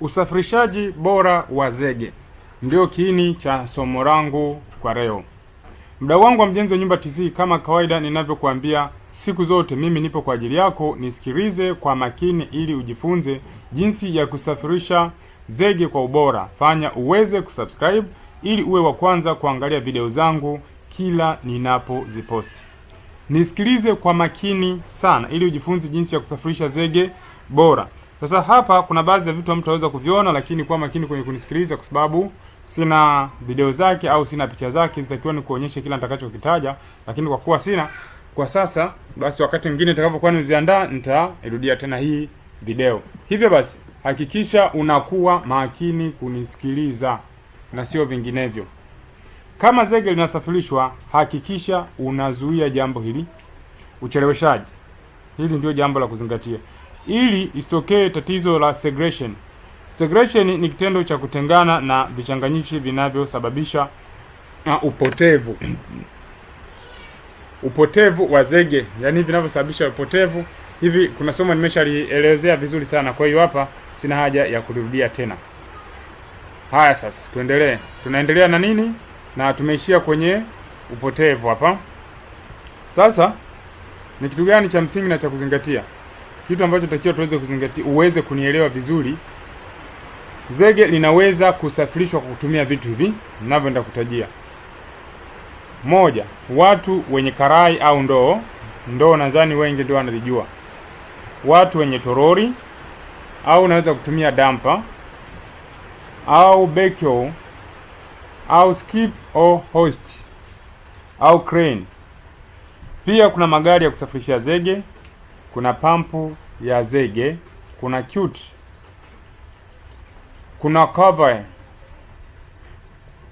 Usafirishaji bora wa zege ndio kiini cha somo langu kwa leo. Mdau wangu wa Mjenzi wa Nyumba TZ, kama kawaida ninavyokuambia siku zote, mimi nipo kwa ajili yako. Nisikilize kwa makini ili ujifunze jinsi ya kusafirisha zege kwa ubora. Fanya uweze kusubscribe ili uwe wa kwanza kuangalia video zangu kila ninapoziposti. Nisikilize kwa makini sana ili ujifunze jinsi ya kusafirisha zege bora. Sasa hapa kuna baadhi ya vitu mtu hamtaweza kuviona, lakini kuwa makini kwenye kunisikiliza, kwa sababu sina video zake au sina picha zake, zitakiwa ni kuonyesha kila nitakachokitaja, lakini kwa kuwa sina kwa sasa, basi wakati mwingine nitakapokuwa nimeziandaa nitairudia tena hii video. Hivyo basi hakikisha unakuwa makini kunisikiliza na sio vinginevyo. Kama zege linasafirishwa, hakikisha unazuia jambo hili, ucheleweshaji. Hili ndio jambo la kuzingatia ili isitokee tatizo la segregation. Segregation ni kitendo cha kutengana na vichanganyishi vinavyosababisha na upotevu upotevu wa zege, yani vinavyosababisha upotevu. Hivi kuna somo nimeshalielezea vizuri sana, kwa hiyo hapa sina haja ya kulirudia tena. Haya, sasa tuendelee, tunaendelea na nini? Na tumeishia kwenye upotevu hapa. Sasa ni kitu gani cha msingi na cha kuzingatia? kitu ambacho takiwa tuweze kuzingatia, uweze kunielewa vizuri. Zege linaweza kusafirishwa kwa kutumia vitu hivi ninavyoenda kutajia: moja, watu wenye karai au ndoo. Ndoo nadhani wengi ndio wanalijua. Watu wenye torori au unaweza kutumia dampa au beko au skip o host au crane. Pia kuna magari ya kusafirisha zege kuna pampu ya zege, kuna cute, kuna cover.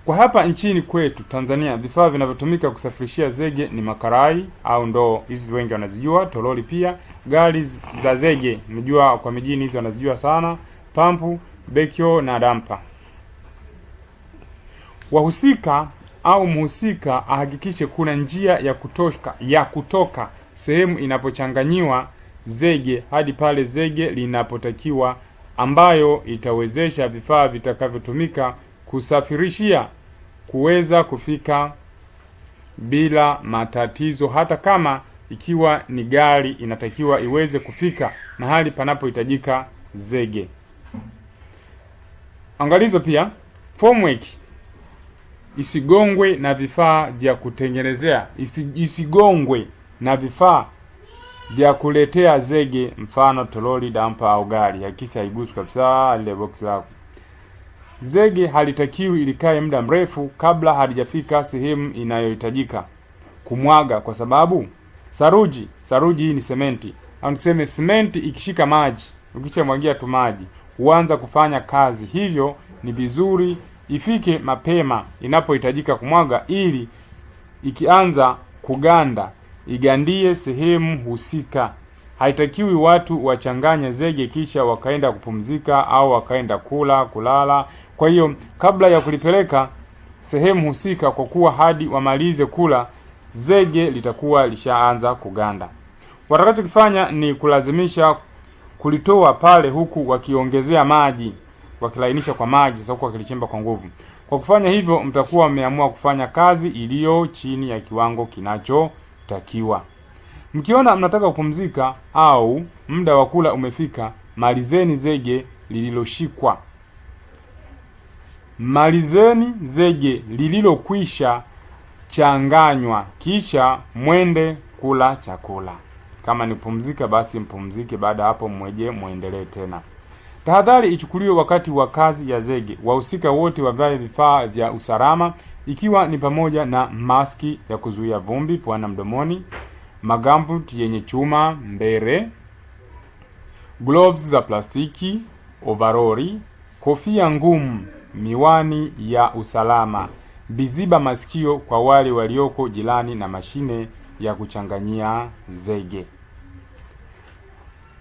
Kwa hapa nchini kwetu Tanzania, vifaa vinavyotumika kusafirishia zege ni makarai au ndoo, hizi wengi wanazijua, toroli pia, gari za zege mjua, kwa mijini hizi wanazijua sana, pampu, bekio na dampa. Wahusika au mhusika ahakikishe kuna njia ya kutoka ya kutoka sehemu inapochanganyiwa zege hadi pale zege linapotakiwa, ambayo itawezesha vifaa vitakavyotumika kusafirishia kuweza kufika bila matatizo, hata kama ikiwa ni gari inatakiwa iweze kufika mahali panapohitajika zege. Angalizo pia, formwork isigongwe na vifaa vya kutengenezea, isigongwe na vifaa vya kuletea zege, mfano toroli, dampa au gari. Hakikisha haigusi kabisa lile box lako. Zege halitakiwi ilikae muda mrefu kabla halijafika sehemu inayohitajika kumwaga, kwa sababu saruji, saruji hii ni sementi au niseme sementi, ikishika maji, ukishamwagia tu maji huanza kufanya kazi. Hivyo ni vizuri ifike mapema inapohitajika kumwaga, ili ikianza kuganda igandie sehemu husika. Haitakiwi watu wachanganye zege kisha wakaenda kupumzika au wakaenda kula kulala. Kwa hiyo kabla ya kulipeleka sehemu husika, kwa kuwa hadi wamalize kula, zege litakuwa lishaanza kuganda. Watakachokifanya ni kulazimisha kulitoa pale, huku wakiongezea maji, wakilainisha kwa maji, sasa huku wakilichimba kwa nguvu. Kwa kufanya hivyo, mtakuwa mmeamua kufanya kazi iliyo chini ya kiwango kinacho takiwa. Mkiona mnataka kupumzika au muda wa kula umefika, malizeni zege lililoshikwa, malizeni zege lililokwisha changanywa, kisha mwende kula chakula. Kama ni kupumzika, basi mpumzike. Baada ya hapo, mweje muendelee tena. Tahadhari ichukuliwe wakati wa kazi ya zege. Wahusika wote wavae vifaa vya usalama ikiwa ni pamoja na maski ya kuzuia vumbi pwana mdomoni, magambuti yenye chuma mbere, gloves za plastiki, ovarori, kofia ngumu, miwani ya usalama, viziba masikio kwa wale walioko jirani na mashine ya kuchanganyia zege.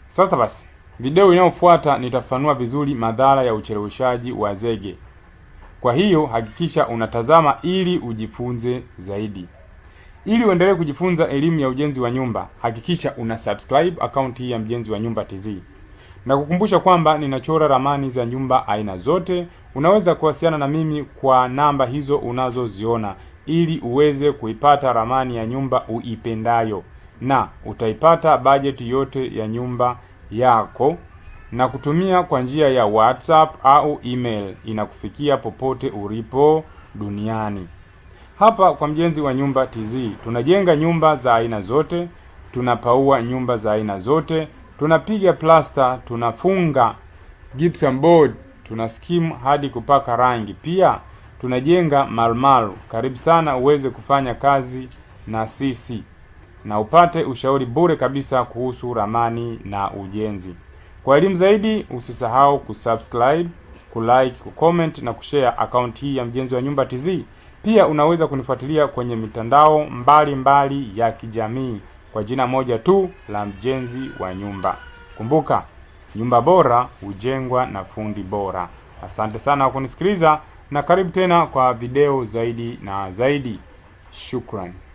Sasa basi, video inayofuata nitafanua vizuri madhara ya ucheleweshaji wa zege kwa hiyo hakikisha unatazama ili ujifunze zaidi. Ili uendelee kujifunza elimu ya ujenzi wa nyumba, hakikisha una subscribe account hii ya Mjenzi wa Nyumba TZ. Na kukumbusha kwamba ninachora ramani za nyumba aina zote. Unaweza kuwasiliana na mimi kwa namba hizo unazoziona ili uweze kuipata ramani ya nyumba uipendayo na utaipata bajeti yote ya nyumba yako na kutumia kwa njia ya WhatsApp au email, inakufikia popote ulipo duniani. Hapa kwa Mjenzi wa Nyumba TZ tunajenga nyumba za aina zote, tunapaua nyumba za aina zote, tunapiga plasta, tunafunga gypsum board, tuna skimu hadi kupaka rangi, pia tunajenga marumaru. Karibu sana uweze kufanya kazi na sisi na upate ushauri bure kabisa kuhusu ramani na ujenzi. Kwa elimu zaidi, usisahau kusubscribe, kulike, kucomment na kushare akaunti hii ya Mjenzi wa Nyumba TZ. Pia unaweza kunifuatilia kwenye mitandao mbalimbali mbali ya kijamii kwa jina moja tu la Mjenzi wa Nyumba. Kumbuka, nyumba bora hujengwa na fundi bora. Asante sana kwa kunisikiliza na karibu tena kwa video zaidi na zaidi. Shukrani.